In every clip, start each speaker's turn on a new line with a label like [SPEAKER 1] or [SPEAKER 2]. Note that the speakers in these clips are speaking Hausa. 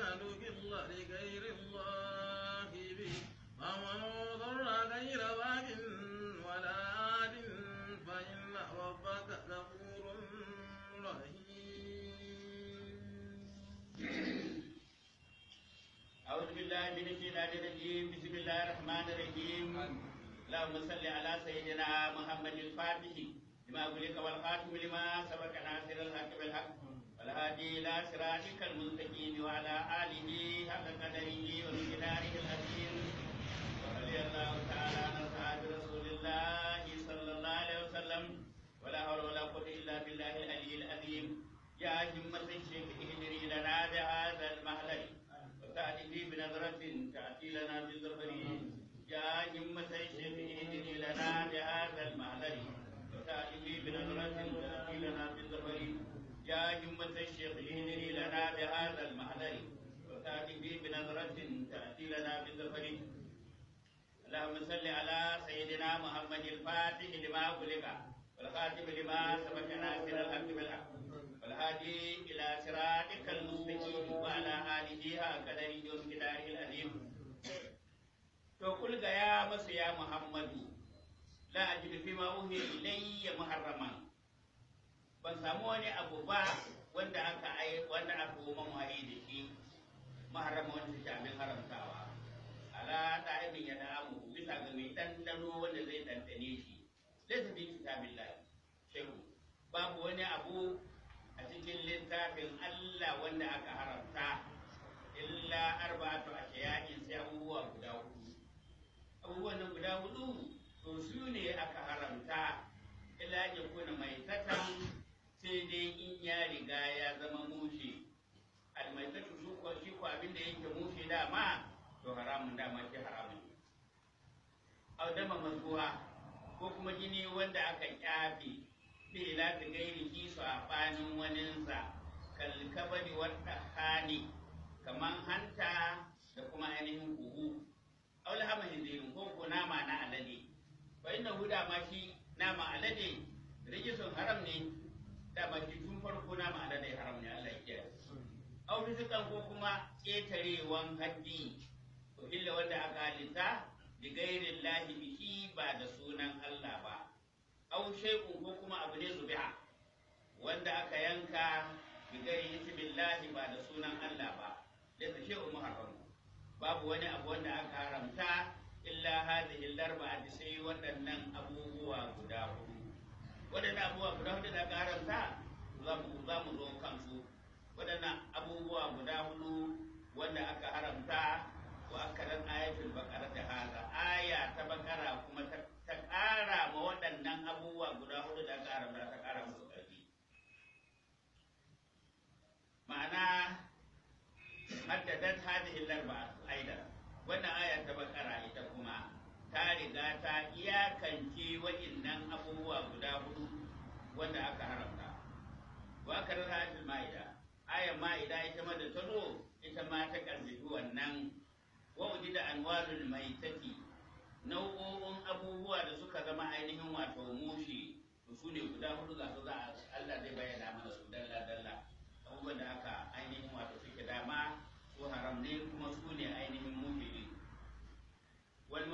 [SPEAKER 1] تدعو الله لغير الله به فمن ضر غير باغ ولا عاد فإن ربك غفور رحيم
[SPEAKER 2] أعوذ بالله من الشيطان الرجيم بسم الله الرحمن الرحيم اللهم صل على سيدنا محمد الفاتح لما أغلق والخاتم لما سبق ناصر الحق بالحق والهادي إلى صراطك المستقيم محمد وعلى آله حق قدره ومقداره العظيم ورضي الله تعالى عن أصحاب رسول الله صلى الله عليه وسلم ولا حول ولا قوة إلا بالله العلي العظيم يا همة الشيخ اهدري لنا بهذا المهلك وتأتي بنظرة تأتي لنا بالظفر يا همة الشيخ اهدري لنا بهذا المهلك وتأتي بنظرة تأتي لنا بالظفر يا أئمة الشيخ اهنني لنا بهذا المحضر وتأتي بي بنظرة تأتي لنا بالظفر اللهم صل على سيدنا محمد الفاتح لما خلق والخاتم لما سبق ناصر الحق بالحق والهادي إلى صراطك المستقيم وعلى آله هكذا يوم كداره العظيم to kulga ya masu ya muhammadu la ajidu fima uhi ilayya muharraman ban samu wani abu ba wanda aka ai wanda aka goma wahayi da shi maharama wanda take abin haramtawa ala ta'imin ya da'amu bisa ga mai dandano wanda zai dandane shi laysa bi kitabillahi shehu babu wani abu a cikin littafin Allah wanda aka haramta illa arba'atu ashiya'in sai abubuwa guda hudu abubuwan nan guda hudu to su ne aka haramta illa yakuna maitatan sai dai in ya riga ya zama mushe almaita su ko shi ko abin da yake mushe dama to haramun dama ke haramun ne au dama mazuwa ko kuma jini wanda aka kyafe bi ila ta gairi shi a fanin waninsa kalkabari wadda hani kamar hanta da kuma ainihin kuhu au hama hindirin ko ko nama na alade fa inna huda ma shi nama alade rijisun haram ne dama shi tun farko na ma'ana da, haram ne Allah ya kiyaye au ko kuma ƙetarewan haddi to illa wanda aka halitta bi ghairi lahi bihi ba da sunan Allah ba au shay'un ko kuma abu ne zubiha wanda aka yanka bi ghairi ismillahi ba da sunan Allah ba laysa shay'un muharram babu wani abu wanda aka haramta illa hadhihi al-arba'ati sai waɗannan abubuwa guda huɗu waɗannan abubuwa guda hudu da karanta za mu zo kansu waɗannan abubuwa guda hudu wanda aka haramta wa ran ayatul bakara da haza aya ta bakara kuma ta ƙara ma waɗannan abubuwa guda hudu da aka haramta ta ƙara musu ƙarfi ma'ana haddadat hadhihi al-arba'a aidan wannan aya ta bakara ita kuma ta riga ta iyakance wa'innan abubuwa guda hudu wanda aka haramta wa karara ajin ma'ida ayan ma'ida ita ma da ta zo ita ma ta karzibi wannan wa da anwalul maitati nau'o'in abubuwa da suka zama ainihin wato mushi su ne guda hudu za su za Allah zai bayyana mana su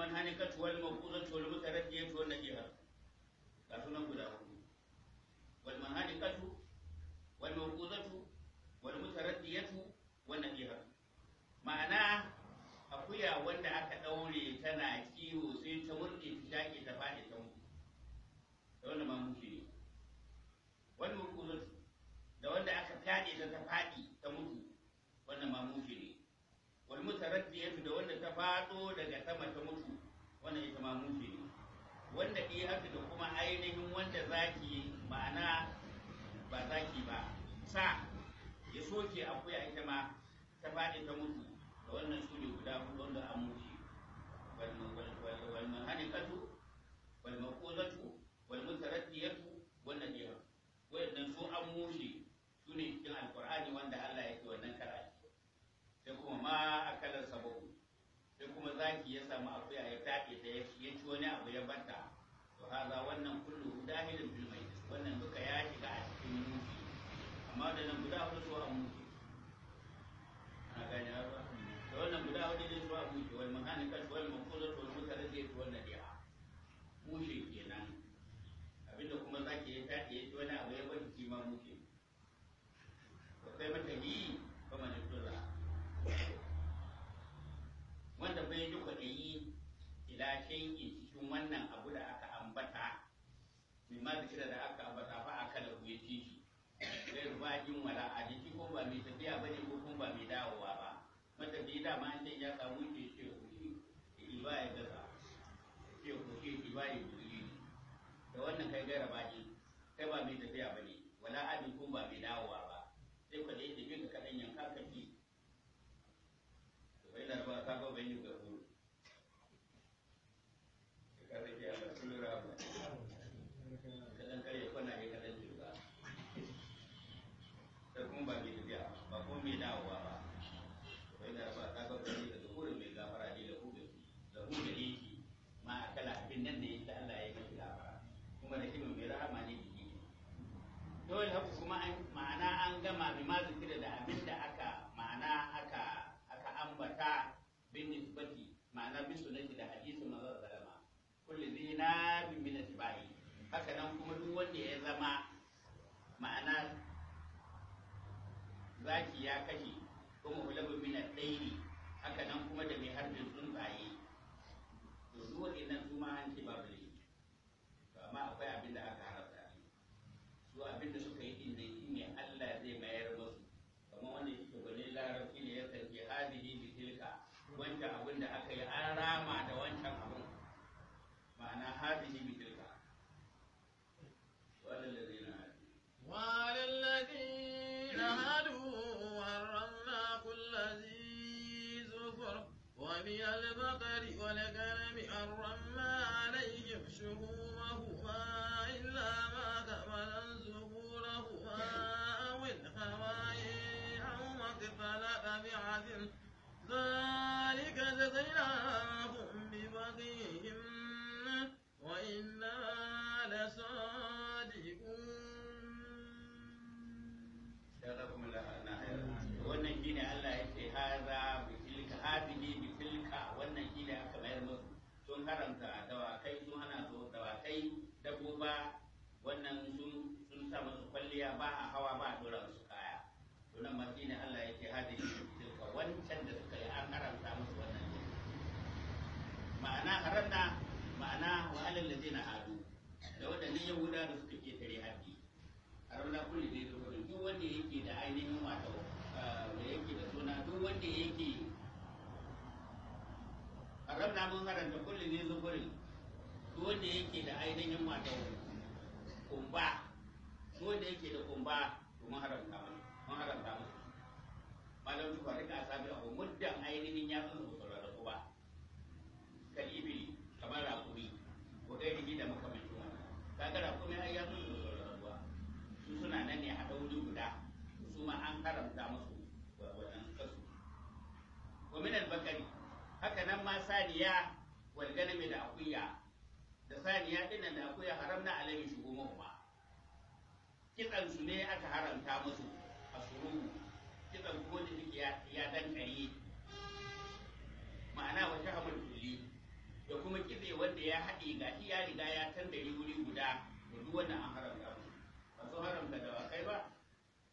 [SPEAKER 2] manhanikatu wal mawquzatu wal mutaraddiyatu wan najiha ga sunan guda hudu wal manhanikatu wal mawquzatu wal mutaraddiyatu wan najiha ma'ana akuya wanda aka daure tana kiwo sai ta murde ta shaƙe ta faɗi ta mutu da wanda ma mutu ne wal mawquzatu da wanda aka fyaɗe ta ta faɗi ta mutu wannan ma mutu ne wal mutaraddiyatu da wanda ta faɗo daga sama ta mutu wannan ita ma mushi ne wanda ke haka da kuma ainihin wanda zaki ma'ana ba zaki ba sa ya soke akuya ita ma ta faɗi ta mutu da wannan su ne guda hudu wanda an mushi walmahanikatu walmakozatu walmutaraddiyatu wannan ne wadannan su an mushe su ne cikin alkur'ani wanda Allah ya ce wannan karatu sai kuma ma a kalar sabon sai kuma zaki ya samu akuya ya take ta ya ci wani abu ya banta to haza wannan kullu dahilin fil wannan duka ya shiga gaira baki kai ba mai tafiya ne fi sunnati da hadisin da sallama kullu zina bi min atba'i haka nan kuma duk wanda ya zama ma'ana zaki ya kashe kuma ulabun min at-tayri haka nan kuma da mai harbin عهده بتلك وعلى الذين
[SPEAKER 1] وعلى الذين حرمنا كل ذي زفر ومن البقر والغنم حرمنا عليهم شهومهما إلا ما كملت ظهورهما أو الهوائي أو ما اختلف بعدل ذلك جزيناهم ببغيهم وإنا لصادقون
[SPEAKER 2] wannan shine Allah ya ce haza bi tilka hadihi bi tilka wannan shine aka bayar musu sun haramta dawakai sun hana su dawakai wannan sun sun sa musu kwalliya ba a hawa ba a dora musu kaya to nan ma shine Allah ya ce hadihi bi tilka wancan da suka yi an haramta musu wannan ma'ana ma'ana wa alal ladina hadu da waɗannan yahuda da suka ketare haɗi a ranar kulli dai da duk wanda yake da ainihin wato ah, da yake da suna duk wanda yake a ranar mun haranta kulli dai zuburin duk wanda yake da ainihin wato kumba duk wanda yake da kumba to mun haranta mun haranta haramta mun malam tuba rika sabi a muddan ainihin ya tsoro da ba kalibi kamar rafu gairihi da makamantuwa kaga raƙumi ai ya zo da rabuwa su suna nan ne a dauri guda su ma an haramta musu wajen kasu wa min al-bakari haka nan ma saniya wal ganami da akuya da saniya dinnan da akuya haram na haramna alaihi shuhumuhuma kitsan su ne aka haramta musu a suruhu kitsan ko da ya ya dankare ma'ana wa shahamul kulli da kuma kitse wanda ya haɗe ga iya ya riga ya tandare wuri guda da duk wannan an haramta su ba su haramta da wakai ba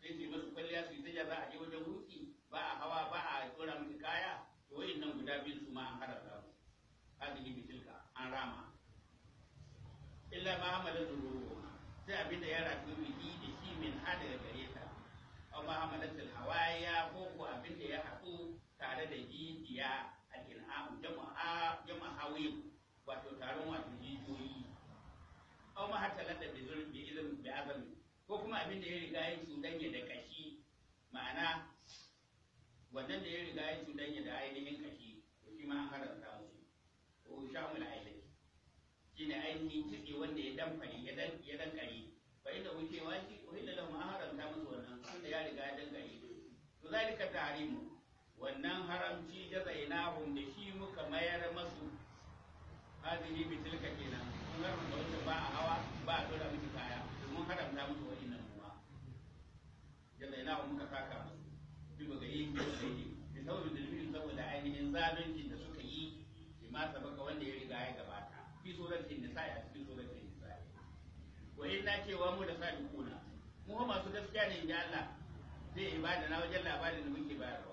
[SPEAKER 2] sai su masu kwalliya su yi ta za a je wajen wuki ba a hawa ba a tsora musu kaya to wayin nan guda biyu su ma an haramta mu hadin bitilka an rama illa ma hamala zuru sai abin da ya rafi biki da shi min hada da gare ta amma hamalatul hawaya ko ko abin da ya haɗu tare da jijiya jama hawil wato taron wato jijiyoyi ma bi da ya riga ya da kashi ma'ana wannan da ya riga ya da ainihin kashi shi ma an haramta musu ko ainihin wanda ya ya dan fa inda shi an haramta musu wannan ya riga ya to zalika wannan haramci da zainahum da shi muka mayar masu hadini bi tilka kenan kun ga da wata ba a hawa ba a dora miki kaya mun haramta musu wa'innan ruwa da hun muka saka musu bi ga yin da yake da da dalilin saboda ainihin zalunci da suka yi bi ma sabaka wanda ya riga ya gabata fi suratul nisa'i a cikin suratul nisa'i wa inna cewa mu da sadiquna mu masu gaskiya ne inda Allah zai ibada na wajen labarin da muke bayarwa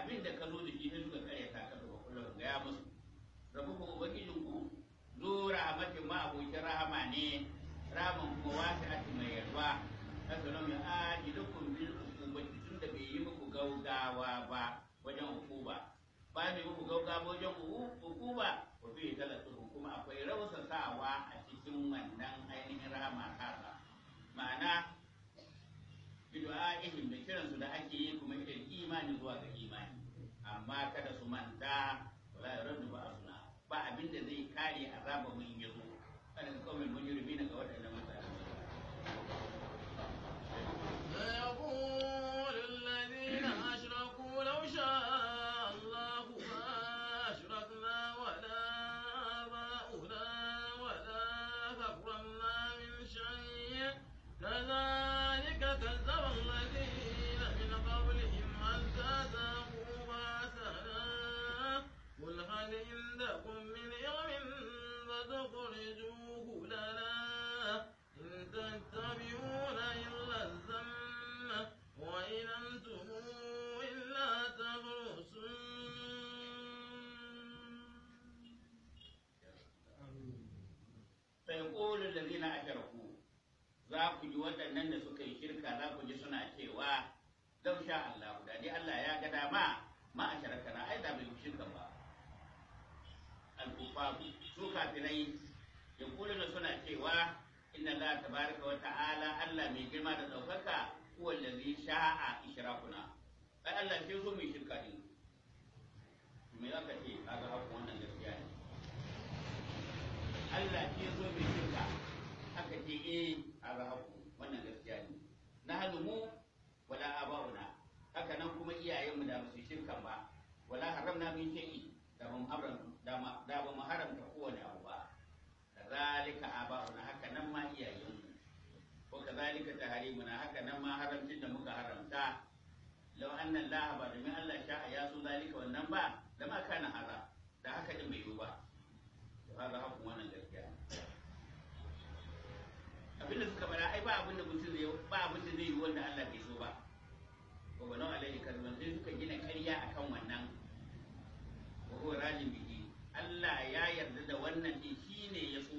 [SPEAKER 2] abin da ka zo da shi suka karya ta ka zuba kullum ya musu rabu ko ubangijin ku zo rahmatin ma abokin rahama ne ramin kuma wasu ati mai yalwa asalin ya aji dukkan bil hukumati tun da bai yi muku gaugawa ba wajen hukuma ba bai muku gaugawa wajen hukuma ku fi talatu hukuma akwai rausasawa a cikin wannan ainihin rahama kasa ma'ana bidu'a ihim da kiransu da ake yi kuma idan imani zuwa gari amma kada su manta wala yardu ba suna ba abin da zai kare azaba mun yazo kan kawai mun yurbi na ga wadannan mutane
[SPEAKER 1] يقول الذين أشركوا لو شاء الله ما أشركنا ولا آباؤنا ولا أكرمنا من شيء كذلك كذب الله قد عندكم من علم فتخرجوه لنا إن تتبعون إلا الذم وإن أنتم
[SPEAKER 2] إلا تبرسون فيقول الذين أشركوا za ku ji waɗannan da suka yi shirka za ku ji suna cewa Don sha Allah guda dai Allah ya ga dama ma a shirka na ai da bai shirka ba al-kuffar su kafirai ya kula suna cewa inna la tabaraka wa ta'ala Allah mai girma da daukaka huwa allazi sha'a ishrakuna ai Allah shi zo mai shirka din me aka ce kaga haka wannan gaskiya ne Allah shi zo mai shirka aka ce eh kaga haka wannan gaskiya ne na kuma iyayenmu da ba su ba wala da hum da ba mu haramta kowane abu ba da zalika na haka nan ma iyayenmu ko ka zalika na haka nan ma haramcin da muka haramta lau annan laha ba domin Allah sha a so zalika wannan ba da ma kana haram. da haka din bai yi ba to haka hakun wannan gaskiya abin da suka fara ai ba abin da mutum zai ba abin da zai yi wanda Allah bai so ba ko ba nan alaihi kalman sai suka gina karya akan wannan ko rajin bi Allah ya yarda da wannan din ne ya so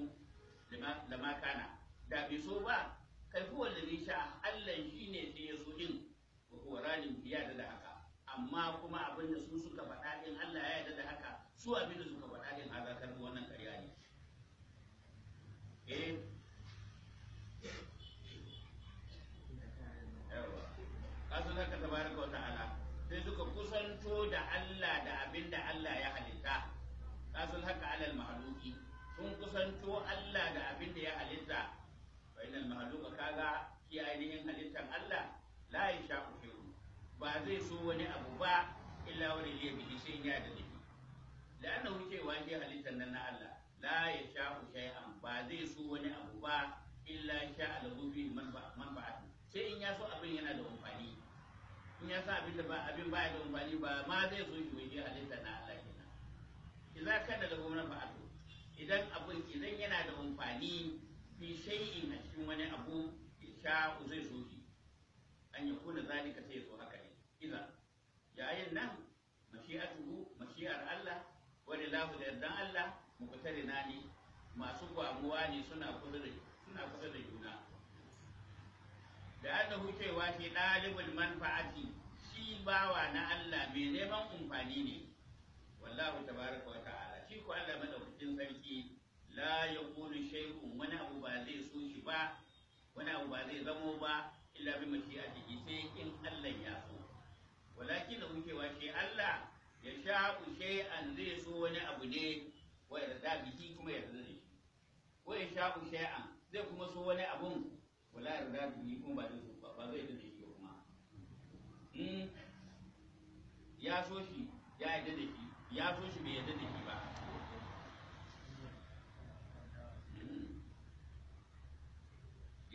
[SPEAKER 2] da makana da bai so ba kai huwa alladhi sha Allah ne da ya so din wa huwa biya da da haka amma kuma abin da su suka faɗa din Allah ya yarda da haka su abin da suka faɗa din haka kan wannan ƙarya ne eh kasu haka tabaraka wa ta'ala sai suka kusanto da Allah da abin da Allah ya halitta azul haka alal mahaluki sun kusanto Allah da abin da ya halitta fa innal mahaluka kaga ki ainihin halittan Allah la yasha khairu ba zai so wani abu ba illa wani ya bihi sai ya da dafi la'annahu cewa shi halittan nan na Allah la yasha shay'an ba zai so wani abu ba illa sha alahu bi manfa'atu sai in ya so abin yana da amfani in ya sa abin da ba abin ba ya da amfani ba ma zai so shi wani halittan na Allah idza kana lahu manfa'atu idan abun idan yana da amfani fi shay'in a cikin wani abu sha zai so shi an ya kuna zalika sai so haka ne idan ya ayin nan mashi'atuhu mashi'ar Allah wani lahu da yardan Allah muqtarina ne masu gwamuwa ne suna kusa da suna kusa da juna da annahu cewa shi dalibul manfa'ati shi bawa na Allah mai neman amfani ne wallahu tabaraka wa ko Allah madaukakin sarki la yakunu shay'un wani abu ba zai so shi ba wani abu ba zai zamo ba illa bi mashi'atihi sai in Allah ya so walakin da muke wa shi Allah ya sha'u shay'an zai so wani abu ne wa yarda bihi kuma ya da shi ko ya sha'u shay'an zai kuma so wani abun wala yarda bihi kuma ba zai so ba zai yarda da shi kuma hmm? ya so shi ya yarda da shi ya so shi bai yarda da shi ba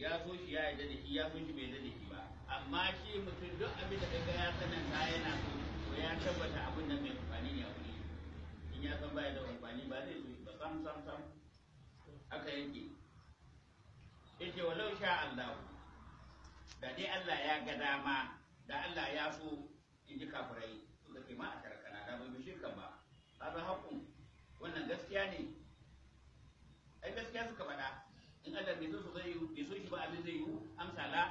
[SPEAKER 2] ya so shi ya yi da shi ya so shi bai yarda da shi ba amma shi mutum duk abin da kaga ya sanin ta yana so to ya tabbata abin nan mai amfani ne a wuri in ya san baya da amfani ba zai so shi ba sam sam sam haka yake wa walau sha Allah da dai Allah ya ga dama da Allah ya so in ji kafirai suka ce ma a tarkana da bai kan ba hada haƙun wannan gaskiya ne ai gaskiya suka faɗa in Allah bai so zai bai so shi ba abin zai yi amsa la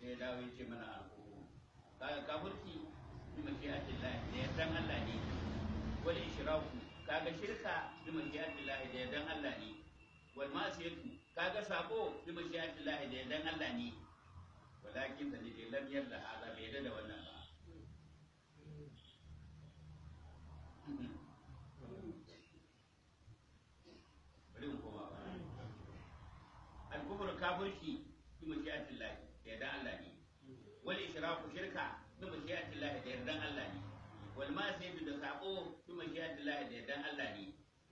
[SPEAKER 2] sai dawo ya ce mana alƙuru kaga kafirci bi mashi'atin Allah ne dan Allah ne wal ishraku kaga shirka bi mashi'atin Allah ne dan Allah ne wal ma'siyatu kaga sako bi mashi'atin Allah ne dan Allah ne walakin da lam yalla hada bai da wannan ba kafirci bi mashi'atin lahi da yardan Allah ne wal ishraku shirka bi mashi'atin lahi da yardan Allah ne wal ma'siyatu da sako bi mashi'atin lahi da yardan Allah ne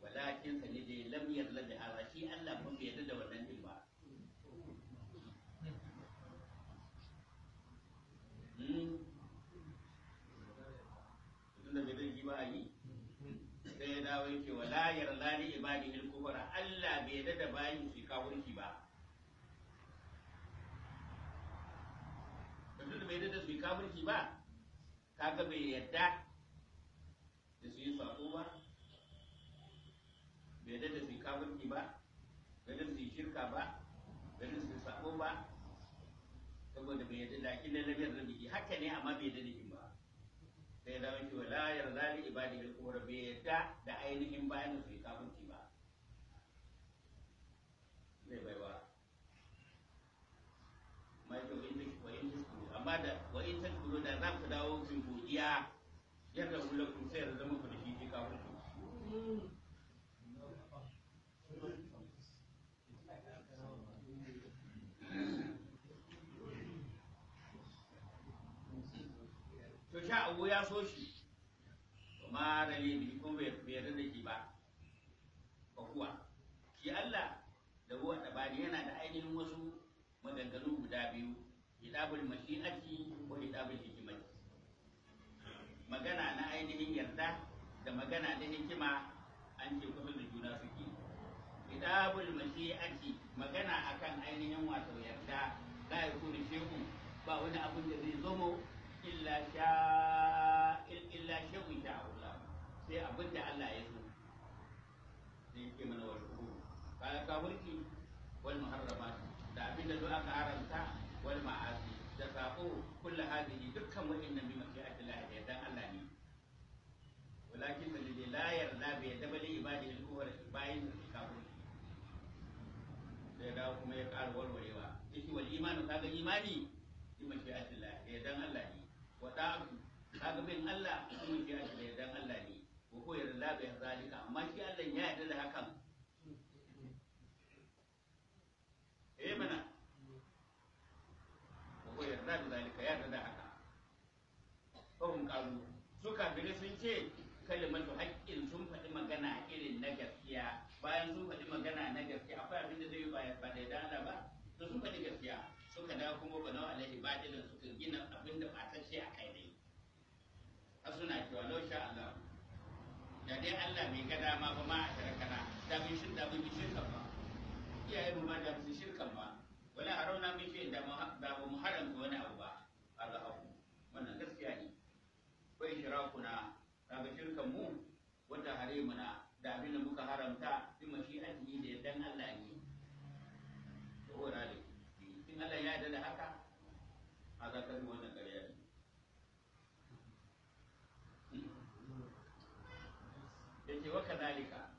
[SPEAKER 2] walakin sani dai lam yarda da Allah, shi Allah ban bai yarda da wannan din ba
[SPEAKER 3] hmm?
[SPEAKER 2] tunda bai zai yi ba a yi sai ya dawo yake wala yarda li ibadihi al-kufra Allah bai yarda da bayin shi kafirci ba tunda bai da su yi kafirci ba kaga bai yadda da su yi sako ba bai yadda da su yi kafirci ba bai da su yi shirka ba bai da su yi sako ba saboda bai yadda da akin lalabiyar da biki haka ne amma bai yadda da shi ba sai zama wani la yarda li ibadi bil kubra bai yadda da ainihin bayan su yi kafirci ba zai baiwa mai kyau amma da wa in tashkuru da za ku dawo ku godiya yadda ku lakum sai zama ku da shi ka ku to sha abu ya so shi ma da ne kuma bai yarda da ke ba ba kuwa shi Allah da ruwan da yana da ainihin wasu madangalu guda biyu kitabul mashi'ati ko kitabul hikmah magana na ainihin yarda da magana da hikima an ce kuma da juna suke kitabul mashi'ati magana akan ainihin wato yarda la yakunu shay'un ba wani abu da zai zomo illa sha illa shay'un da Allah sai abin da Allah ya so sai yake mana wa shuru kaga kafirci wal muharramat da abin da zo aka haramta wal ma'asi da sabo kullu hadhihi dukkan wa'annan bi mashi'atillah da yadan Allah ne walakin dalili la yarda bi yadabali ibadi al kuwar sai kuma ya ƙara warwarewa yace wal imanu kaga imani bi mashi'atillah da dan Allah ne wa da'atu kaga bin Allah bi mashi'atillah da dan Allah ne ko yarda bi zalika amma shi Allah ya yarda da hakan yarda zalika ya yarda da haka fahim kalu su kafirai sun ce su haƙƙin sun faɗi magana irin na gaskiya bayan sun faɗi magana na gaskiya akwai abin da zai yi ba da dana ba to sun faɗi gaskiya suka dawo kuma ba nawa alaihi badilin suka gina abin da ce a kai dai a suna cewa sha Allah da dai Allah bai gada dama ba ma a tarakana da bai shirka ba Iyayen mu ba da su shirka ba Wani a rauna mai ce da ba mu haramta wani abu ba a abu wannan gaskiya ne wa na ga shirkan mu wata harimuna da abin da muka haramta bi yi da yadda Allah ne da shi. in Allah ya yadda da haka A ka kai wannan ƙarya ne yace wa kadhalika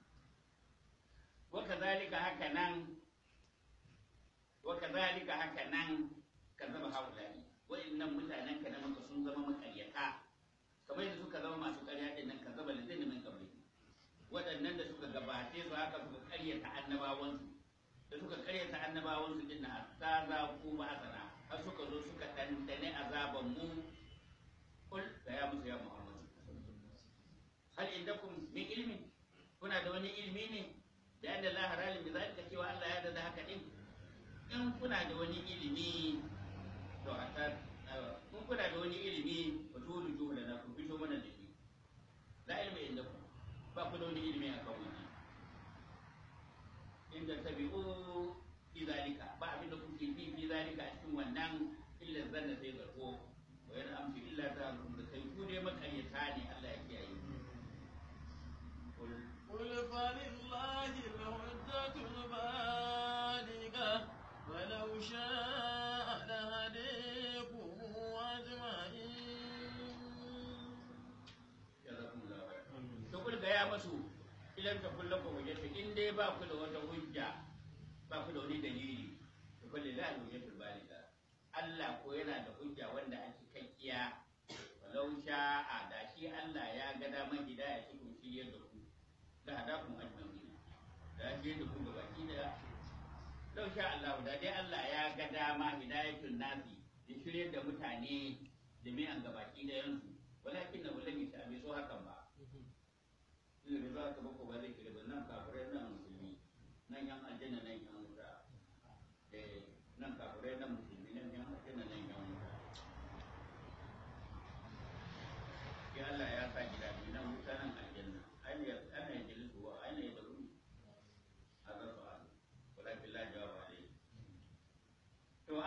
[SPEAKER 2] wa kadhalika haka nan wa kadhalika haka nan kazaba haulai wa'annan mutanen ka na maka sun zama makaryata kamar yadda suka zama masu ƙarya din nan kazaba da zai min waɗannan da suka gabace su haka suka ƙaryata annabawansu da suka ƙaryata annabawansu din ta za ba sana har suka zo suka ɗanɗane azaban mu kul da ya musu ya muhammadu hal indakum min ilmi kuna da wani ne da anna la haralin bi zalika Allah ya haka din in kuna da wani ilimi to a ta kun kuna da wani ilimi ba to da jumla na ku fito mana da shi la ilmi inda ku ba ku da wani ilimi a kan wani inda tabi'u fi zalika ba abin da kuke bi fi zalika a cikin wannan illa zanna sai zarko wa yana amfi illa ta da kai ku ne makayyata ne a
[SPEAKER 1] لو شاء لهديكم أجمعين
[SPEAKER 2] تقول يا مسو idan ta in dai ba ku da wata hujja ba ku da wani dalili to Allah ko yana da hujja wanda ake kakkiya walau sha'a da shi Allah ya ga daman gida ya ci ku shi yadda ku da hadakum ajma'in da shi da ku gabaki da don sha Allah da dai Allah ya ga dama hidayatul nasi ya shirye da mutane da mai an gabaki da yansu walakin na wala mita bai so hakan ba ina da za ka bako ba zai kire nan kafirai nan musulmi nan yan aljanna nan yan wuta eh, nan kafirai nan musulmi nan yan aljanna nan yan wuta ya Allah ya sa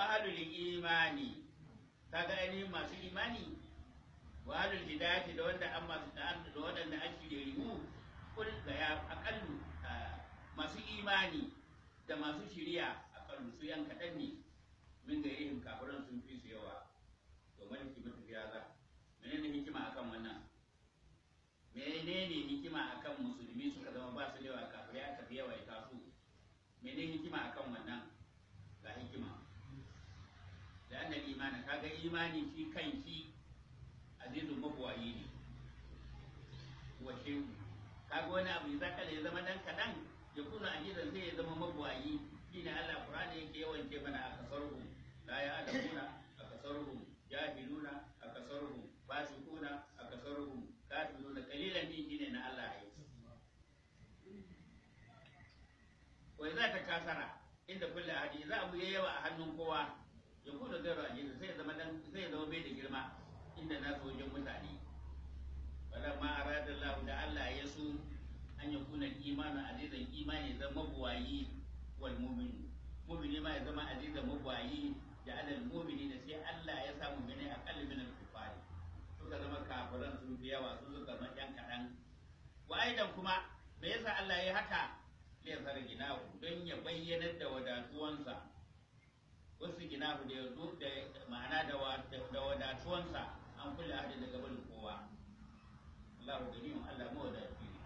[SPEAKER 2] ahlul imani kaga ainihin masu imani wa ahlul hidayati da wanda an masu da waɗanda ake da rimu kul ga ya akallu masu imani da masu shiriya akallu su yan kadan ne min ga yin kafiran sun fi su yawa domin kimanta ya za menene hikima akan wannan menene hikima akan musulmi suka zama ba su da yawa kafiri aka fi yawa ya taso menene hikima akan wannan da annal imani kaga imani shi kanki azizun mabuwayi ne kaga wani abu za ka ya zama dan kaɗan ya kuna gidan sai ya zama mabuwayi shine Allah Qur'ani yake yawan ce mana akasaruhum la ya'lamuna akasaruhum jahiluna akasaruhum fasiquna akasaruhum kafiruna qalilan din shine na Allah ya yi za idza takasara inda kulli ahadi idza abu yawa a hannun kowa Duk kuna zai a jinsa sai zama dan sai zama bai da girma inda na su wajen mutane wala ma arada Allah da Allah ya so an ya kuna imanin azizan imani zama mabuwayi wal mu'min mu'mini ma ya zama azizan mabuwayi da adal mu'mini da sai Allah ya samu gane a kalbin al-kufari suka zama kafiran sun fi yawa sun suka zama yan kaɗan wa aidan kuma me yasa Allah ya haka liyasar ginahu don ya bayyanar da wadatuwansa wasu ginahu da yanzu da ma'ana da wadatuwansa an kulle ahadi daga barin kowa Allahu ganiyun Allah mawadatu ne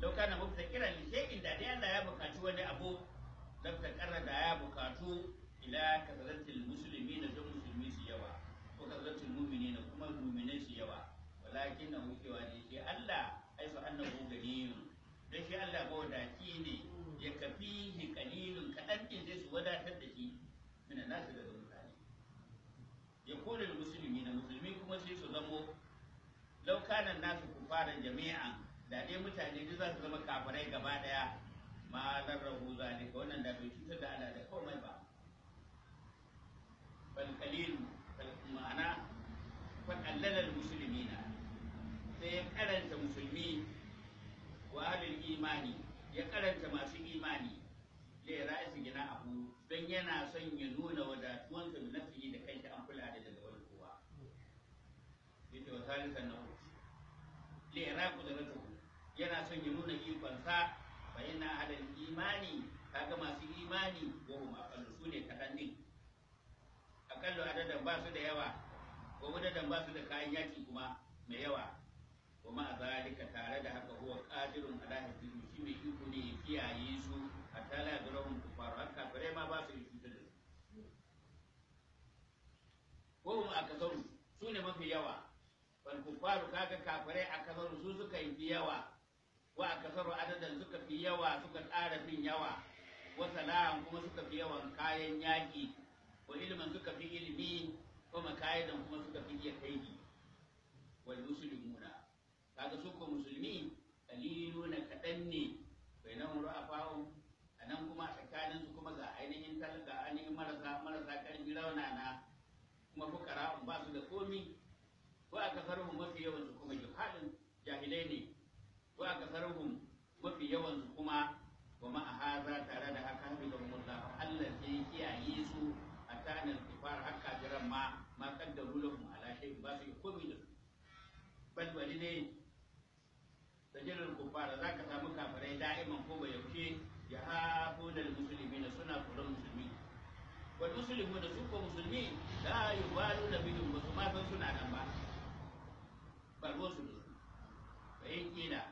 [SPEAKER 2] lau kana mafi kiran li shay'in da dai Allah ya bukaci wani abu lam takarra da ya bukatu ila musulmi na don musulmi su yawa ko mummini na kuma mu'minai su yawa walakin na hukewa ne shi Allah aisu annahu ganiyun don shi Allah mawadaki ne ya kafihi kalilun kaɗan ne zai su wadatar da shi mina nasu daga mutane ya kone da musulmi na musulmi kuma sai su zamo laukanan nasu fara jami'an da dai mutane duk za su zama kafirai gaba ɗaya, ma rarrahu zalika wannan da bai cutar da Allah da komai ba bal qalil ma'ana fa qallala al muslimina sai ya karanta musulmi wa ahlul imani ya karanta masu imani zai ra'isi gina abu don yana son ya nuna wadatuwansa da nafi da kanshi an kula da daga wani kowa yadda wa salisan na hutu zai raku da yana son ya nuna ikonsa ba yana halin imani kaga masu imani ko ma kallu su ne kaɗan din akallu adadan ba su da yawa ko adadan ba su da kayan yaki kuma mai yawa wa ma zalika tare da haka huwa qadirun ala hifzihi shi mai iko ne ya kiyaye su hatta la yadurhum kufar haka bare ma ba su yi cutar da su ko mu akasaru su ne mafi yawa wal kufaru kaga kafirai akasaru su suka yi yawa wa akasaru adadan suka fi yawa suka tsara fin yawa wa salam kuma suka fi yawan kayan yaki ilimin suka fi ilimi wa makayidan kuma suka fi iya kaidi wal kaga su ko musulmi na kaɗan ne bai nan wuri a fawo a nan kuma a tsakanin su kuma ga ainihin talga ainihin marasa marasa karfi na kuma fukara ba su da komi ko a kasarhum mafi yawan su kuma jihadin jahilai ne ko a kasarhum mafi yawan su kuma wa a haza tare da haka bi da mullah Allah sai kiyaye su a tanin kifar hakka jiran ma ma kaddaru lahum ala shay'in ba su komi da su bal ne tajirar kufara za ka samu kafirai da'iman ko ba yaushe ya hafu da musulmi na suna kula musulmi Wani musulmi da su ko musulmi la yi da bidun ba su ma suna nan ba ba ruwan su da su bayan kila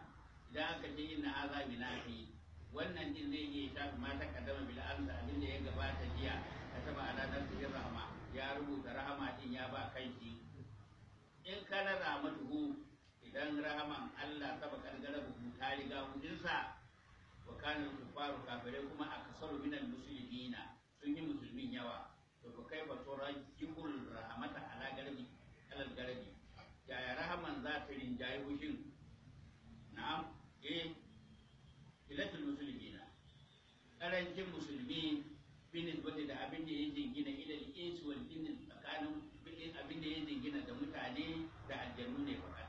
[SPEAKER 2] idan aka ce inna azabi na fi wannan din zai iya shafi mata ta kaddama bil amsa abin da ya gabata jiya ka taba aladar su rahama ya rubuta rahama din ya ba kanki in kana tuhu idan rahaman Allah saba gara mu ta riga hudinsa wa kanin faru kafirai kuma a kasar minan musulmina sun yi musulmin yawa to fa kai ba to rajibul rahamata ala garbi alal garbi yaya rahaman za ta rinjaye hushin na'am eh ilatul musulmina karancin musulmi binin wanda da abin da ya jingina ilal isuwar wal jinni tsakanin abin da ya jingina da mutane da aljanu ne fa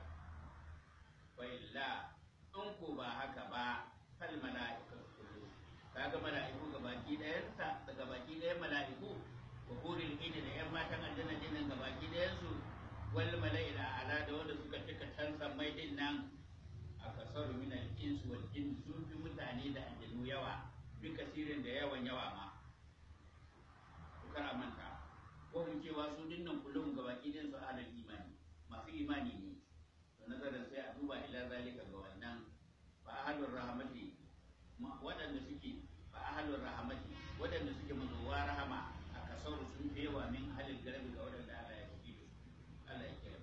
[SPEAKER 2] wa illa in ko ba haka ba fal mala'ikatu kullu kaga mala'iku gabaki ɗayan sa daga baki ɗayan mala'iku wa huril idi da yan matan aljanna dinnan gabaki ɗayan su wal mala'ila ala da wanda suka cika can mai din nan a kasar min al insu wal jin sun fi mutane da aljanu yawa bi kasirin da yawan yawa ma kar a manta ko mu cewa su dinnan kullum gabaki ɗayan su alal imani masu imani ne nazarin sai a duba ila zalika ga wannan fa ahlur rahmati wadanda suke fa ahlur rahmati waɗanda suke mazuwa rahama a kasaru sun yawa min halin garbi ga waɗanda Allah ya fi Allah ya kira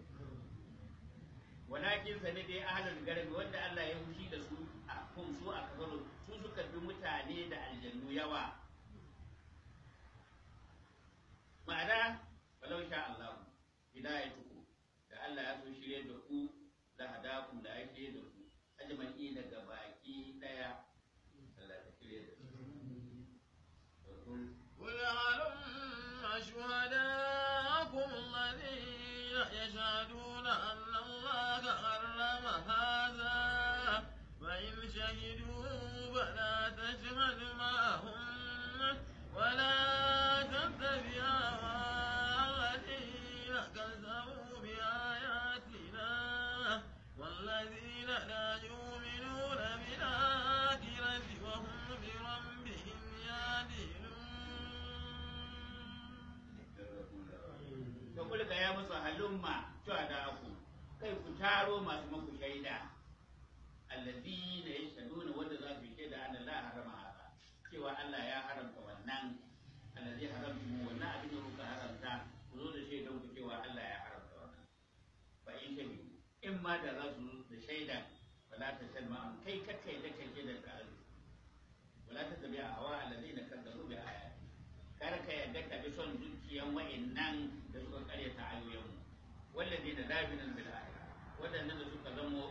[SPEAKER 2] walakin ne dai ahlul garbi wanda Allah ya hushi da su a kun su a kasar su suka bi mutane da aljannu yawa ma'ana falau sha Allah hidayatuku da Allah ya so shirye da ku lahadakum da ake da ku ajma'i daga baki daya Allah ta kire da su
[SPEAKER 1] قل هلم شهداءكم الذين يشهدون أن الله حرم هذا فإن شهدوا فلا تشهد معهم ولا تتبع الذين لا يؤمنون بالآخرة وهم بربهم يعدلون
[SPEAKER 2] فقلت يا موسى هلما شهداءكم كيف تاروا ما سمكوا شهيدا الذين يشهدون ودا ذا في شهدا أن الله حرم هذا سوى الله يا حرم wannan alladhi haramtu wannan abin da kuka haramta ku zo da shaidan ku ayoyin ma da za su da shaida wala ta san ma kai kakka yadda kai je da ta'alu wala ta tabi a hawa alladhi na kaddaru bi ayati kar ka yadda ka bi son zuciyan wa'annan da suka karya karyata ayoyin mu wallazi da zabinan bil ayati wadannan da suka zamo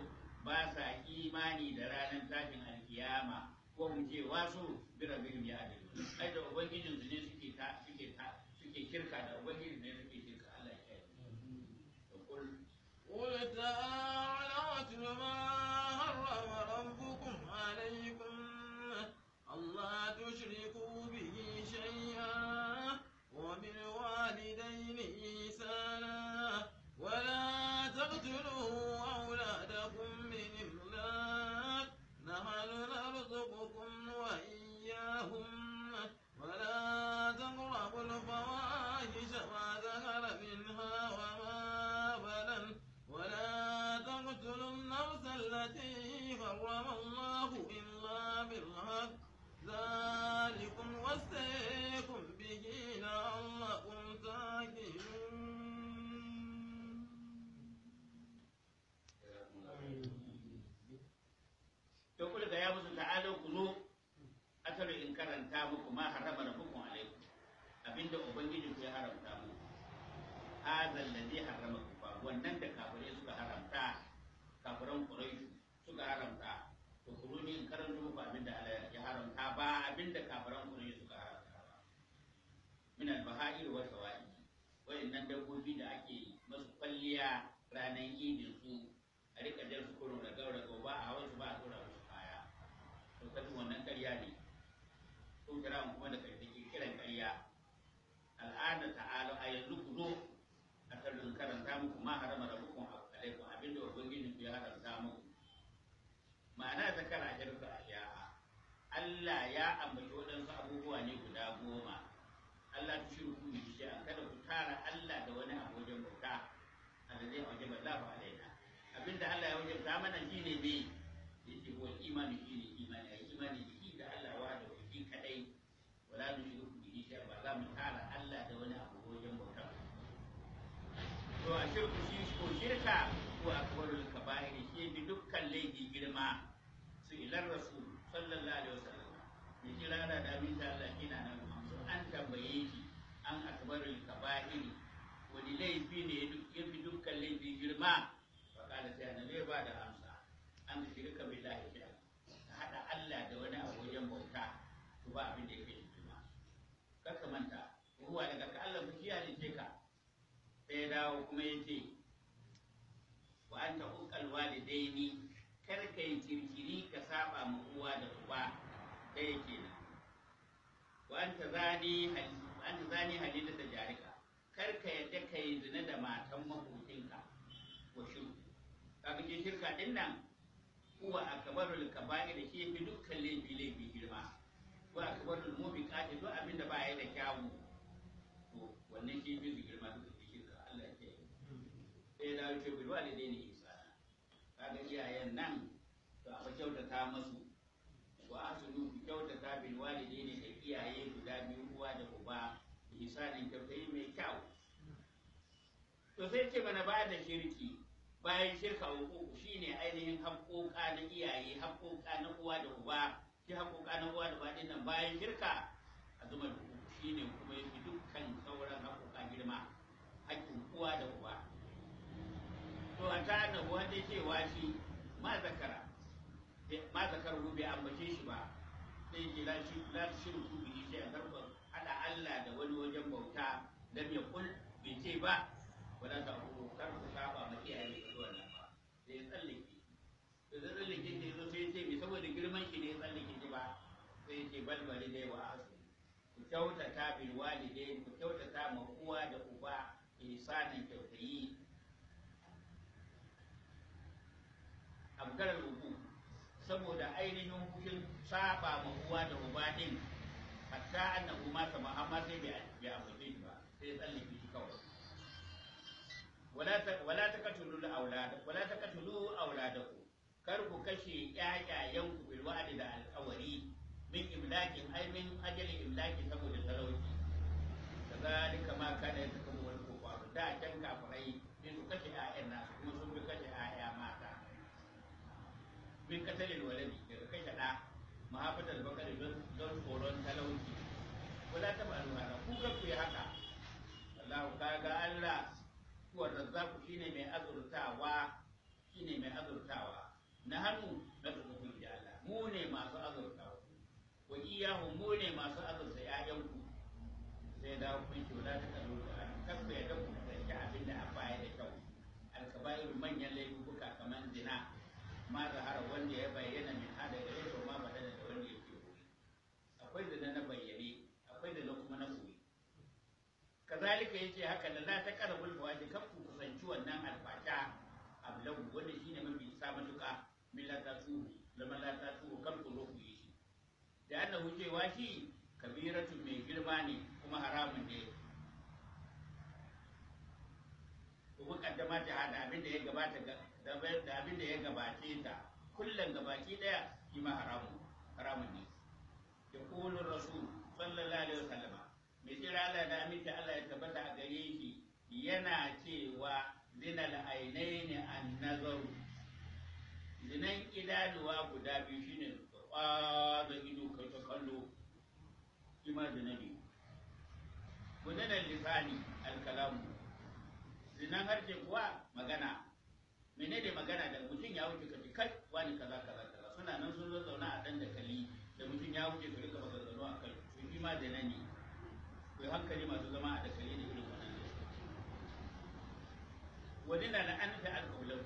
[SPEAKER 2] ba sa imani da ranar tashin alkiyama ko mu ce wasu bi rabbihim ya adilu ai da ubangijin su ne suke ta suke ta suke kirka da ubangijin ne
[SPEAKER 1] واتقى على واتل ما حرم ربكم عليكم الله تشركوا به شيئا وبالوالدين إحسانا ولا تقتلوا أولادكم من إملاك نحن نرزقكم وإياهم ولا تقربوا الفواحش ما ظهر منها التي حرم الله إلا بالحق ذلكم وسيكم به لعلكم تعقلون
[SPEAKER 2] يقول يا بس تعالوا كلوا أترى إن كان تابوك ما حرم ربكم عليكم abinda ubangiji ya haramta mu hazal ladhi harrama kufa wannan da kafirai suka haramta kafiran quraish haramta to ku rumi in karanta muku abin da Allah ya haramta ba abin da kafaran ku ne suka haramta ba min al bahai wa sawa'i nan dabbobi da ake masu kwalliya ranar idin su a rika jar su da ragau ragau ba a wasu ba a tsora musu kaya to kaji wannan karya ne ko kira kuma da kai take kiran karya al'ada ta'ala a yanzu ku zo a karanta muku ma harama rabbukum alaikum abinda ubangiji ya haramta muku ma'ana zakara a ya Allah ya ambaci waɗansu abubuwa ne guda goma Allah ta shiru ku shi an kada ku tara Allah da wani abu wajen bauta ba wajaba Allahu alaina abinda Allah ya wajen ta mana shine me yake huwa imani ne imani yi imani shi da Allah wa da shi kadai wala nushriku shi shi ba za mu tara Allah da wani abu wajen bauta to a shirku shi ko shirka ko akbarul kaba'ir shi bi dukkan laifi girma lar rasul sallallahu alaihi wasallam ya kira da dami ta Allah ina nan manzo an tambaye shi an akbarul kaba'iri wani laifi ne ya fi dukkan laifi girma fakala sai annabi ba da amsa an shirka billahi da hada Allah da wani abu wajen bauta to ba abin da yake girma kaka manta ruwa daga ka Allah ku kiyaye ce ka sai dawo kuma yace wa anta uqal walidaini kar ka yi kirkiri ka saba ma uwa da uba da kenan wa anta zani anta zani halila da jarika kar ka yadda ka yi zina da matan makokinka ko shiru kaga ke shirka din nan a akbarul kaba'ir da ke fi dukkan laifi laifi girma a akbarul mubiqati duk abin da ba ya da kyawu to wannan ke fi girma duk shirka Allah ya kiyaye Eh da ce bil walidaini ga iyayen nan to a kyautata masu wa asinu ku kyautata bil ne da iyaye guda biyu uwa da uba ihsanin kyautayi mai kyau to sai ce mana ba da shirki bayan shirka hukuku ne ainihin haƙoƙa na iyaye haƙoƙa na uwa da uba shi haƙoƙa na uwa da uba din nan bayan shirka a azumar hukuku ne kuma yafi dukkan sauran haƙoƙa girma wanda ta cewa shi ma zakara eh, ma zakar bai ambace shi ba sai ke la shi la shirku bi shi a garba hada Allah da wani wajen bauta ya kul bai ce ba wala ta ku kar ku saba ma iyaye da wannan ba sai ya tsallake to da tsallake ne zo sai ce mai saboda girman shi ne ya tsallake shi ba sai ya ce balbali dai wa asu ku kyautata bil walidain ku kyautata ma uwa da uba sani kyautayi abdalar uku saboda ainihin hukin saba ma uwa da uba din hatta annabu ma sama amma sai bai ambace shi ba sai tsallake shi kawai wala katulu aulada wala takatulu auladaku kar ku kashe ƴaƴayen ku bil wa'di da alƙawari min imlaki ay min ajali imlaki saboda talauci dika ma kana yatakamu wal kufaru da kan kafirai sai su kashe 'ya'yan nasu kuma min katalin waladi daga kai da ɗa mahafatar bakari don tsoron talauci wala ta ba alwala ku ga ku yi haka Allah ka ga Allah kuwa razzaku shine mai azurtawa shine mai azurtawa na hannu na tsokokun da Allah mu ne masu azurtawa wa iyahu mu ne masu azurta ƴaƴanku sai da kun kula ta kalu da kasbe da ku ma har wanda ya bayyana min hada gare shi ma badana da wanda yake koyi akwai da na bayyane akwai da na kuma na koyi kazalika yace haka da za ta taqrabul fawaji kan ku kusanci wannan alfata ablagu wanda shine mafi isa matuka min la tatu lamma la tatu kan ku ruku yi da annahu cewa shi kabiratu mai girma ne kuma haramun ne ku mukaddama ta hada abinda ya gabata da abin da ya gabace ta kullum gabaki daya yi ma haramun haramun ne ya kulu rasul sallallahu alaihi wasallama mai tsira Allah da aminci Allah ya tabbata a gare shi yana cewa zinal ainaini an nazaru zinan idanuwa guda biyu shine da ido kai ta kallo ima zinabi gudanar lisani alkalamu zinan harshe kuwa magana Mene ne magana da mutum ya wuce ka kai wani kaza kaza kaza suna nan sun zauna a dan da kali da mutum ya wuce ka rika maganganu a kai to ima ma da nan ne kai hankali masu zama a dakali da irin wannan wani na da an fi alƙaulau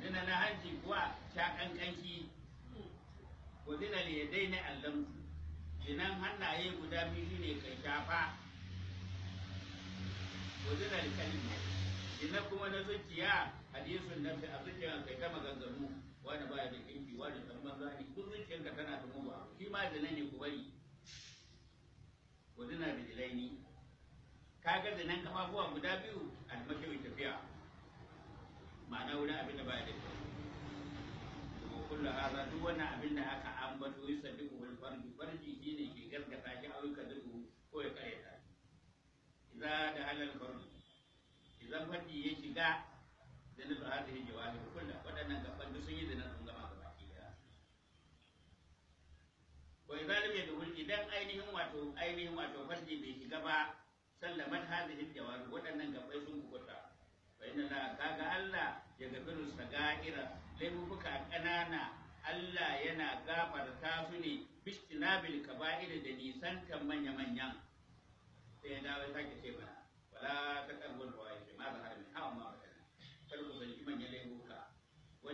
[SPEAKER 2] nina na hanci kuwa sha kanki wani na ne dai allon allamtu kenan hannaye guda biyu ne kai shafa wani na kalmi inna kuma na zuciya hadisun nafsi a zuciya kai ta maganganu wani baya da kinki wani dan banza ne kun ka tana da muwa shi ma da ne ku bari wadina da dilaini kaga da nan kafafuwa guda biyu a almakirin tafiya ma'ana wurin abin da baya da kyau kullu hadha duk wannan abin da aka ambato yusaddiqu bil farji farji shine ke gargata shi wuka dubu ko ya kare ta idza da halal farji idan ya shiga da na zuwa jawabi kulla waɗannan gaban duk sun yi da na sun gama ga baki da ko idan lam da wuri idan ainihin wato ainihin wato faɗi bai shiga ba sallamat hadhihi jawabi waɗannan gaban sun kubuta Wai na la kaga Allah ya gafiru ga'ira laifuka ƙanana Allah yana gafarta su ne bistinabil kaba'ir da nisan kan manya-manyan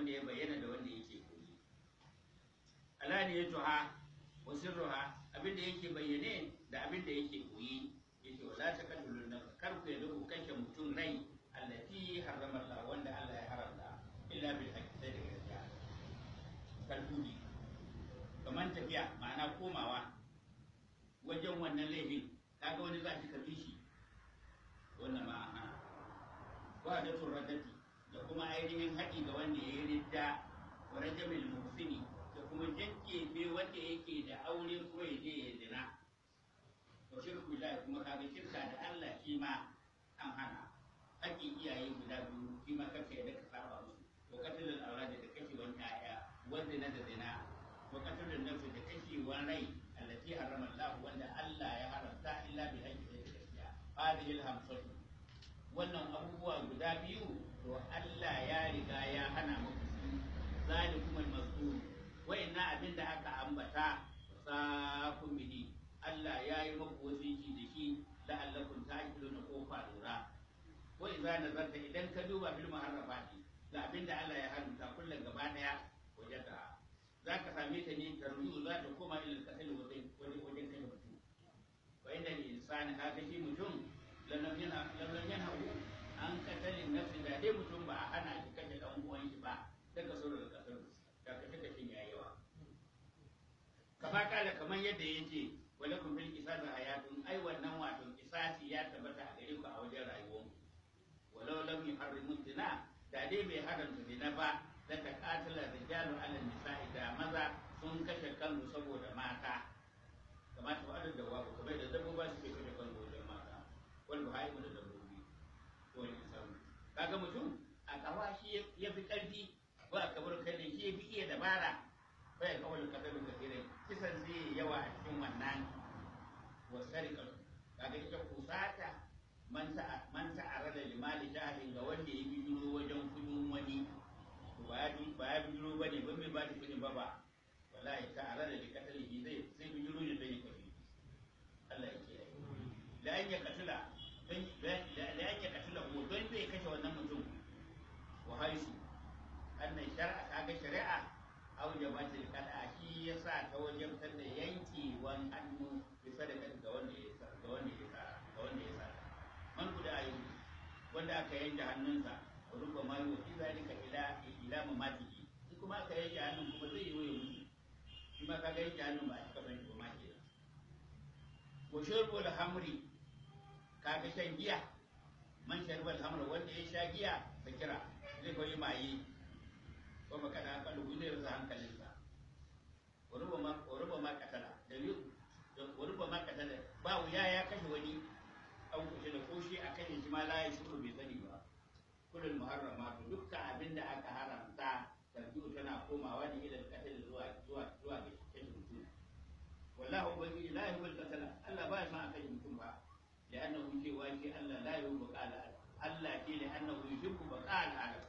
[SPEAKER 2] wanda ya bayyana da wanda yake koyi alaniyatuha wa sirruha abinda yake bayyane da abinda yake koyi yake wala takallulun nafsa kar ku dubu ku kashe mutum rai allati harrama Allah wanda Allah ya haramta illa bil haqqi sai da gaskiya kalbubi kamar tafiya ma'ana komawa wajen wannan laifin kaga wani za ki shi wannan ma'ana wa da turradati kuma ainihin haɗi ga wanda ya yi ridda wa rajamil muhsini da kuma jankebe wanda yake da aure kuma ya je ya zina to shirku billahi kuma kaga shirka da Allah shi ma an hana haƙi iyaye guda biyu shi ma kanka ya daka saba musu to katilul aulad da kashe wani ƴaƴa wanda na da zina to katilul nafsi da kashewan rai allati harrama Allah wanda Allah ya haramta illa bi haqqi da gaskiya hadhihi al-hamsatu wannan abubuwa guda biyu to Allah ya riga ya hana muku su al mazkur wa inna abinda aka ambata sakum bihi Allah ya yi muku wasiki da shi la'allakum ta'qiluna ko fa'ura wa idza nazarta idan ka duba fil muharrafati da abinda Allah ya haramta kullum gaba daya wajada zaka same ta ne tarzu za ta koma ilal kasal wajen wajen kai mutum wa inda insani haka shi mutum lam yanha lam yanha an katalin nafsi da dai mutum ba a hana shi kashe dan uwan shi ba da ka sura da kasar da ka take shin yayi yawa kama kala kamar yadda yake walakum bil qisas hayatun ai wannan wato qisasi ya tabbata a gare ku a wajen rayuwar mu walau lam yuharrimu zina da dai bai haramta dina ba da ta katila rijalu ala nisa'i da maza sun kashe kansu saboda mata kamar ta wa'adar da wabu kamar da dabbobi ke kashe kansu wajen mata wal muhaimu da kaga mutum a kawa shi ya fi ƙarfi a kamar kalle shi ya fi iya dabara ba ya kawo kasaru kasirai kisan zai yi yawa a cikin wannan wasari kaga ita kusata man ta'arra da limali jahilin ga wanda ya bijiro wajen kudin wani ba ya bijiro ba ne ba mai ba shi kudin ba ba wala ya ta'arra da likatalihi zai bijiro ne zai yi kudi Allah ya kiyaye la'an ya katula harshe annan shar'a ga shari'a aw jama'atul qad'a shi sa ta wajen da yankewan hannu bisa da ga wanda ya sa ga wanda ya sa ga wanda ya sa man guda ayi wanda aka yanke hannunsa rubba ma yi zai ka ila ila mu mati shi kuma aka yanke hannun kuma zai yi waye mutu shi ma ka ga yanke hannun ba a cika bane ba ma ke wa shurbul hamri ga shan giya man sharbal hamra wanda ya sha giya kira zai koyi maye ko maka da hankali wani ya rasa hankalinsa waruba ma katala da yi waruba ma katala ba wuya ya kashe wani an kushe da koshi a kan shi ma layi shuru bai sani ba kullum muharrama to dukkan abin da aka haramta tarbiyu tana komawa ne ila katil zuwa zuwa zuwa ga kashe mutum wallahi ubangi la yuhul katala Allah ba ya san akan mutum ba li'annahu shi wa shi Allah la yuhul qala Allah ke li'annahu yuhibbu qala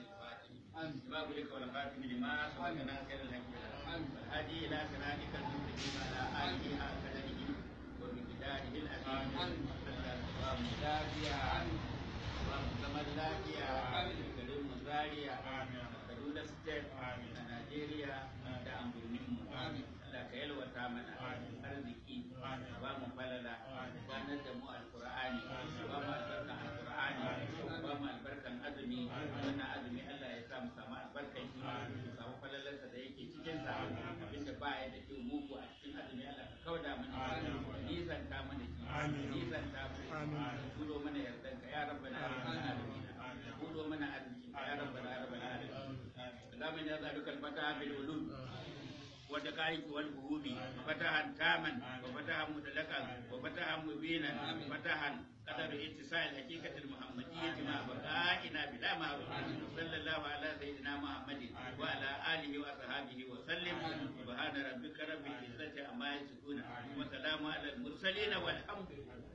[SPEAKER 2] ما بلك ولا خاتم لما سبقنا خير الحج والهدي الى صراطك المستقيم على اله وقدره وبمقداره العظيم اللهم دافيا عنه اللهم كما دافيا عنه الكريم مزاريا kaduna state a najeriya da amburninmu allah ka yalwata mana arziki ba mu falala ganar da mu alkur'ani نفعنا بالعلوم ودقائق والقلوب فتحا تاما وفتحا مدلكا وفتحا مبينا فتحا قدر اتصال الحقيقة المحمدية مع بقائنا بلا ما صلى الله على سيدنا محمد وعلى آله وأصحابه وسلم سبحان ربك رب العزة عما يصفون وسلام على المرسلين والحمد لله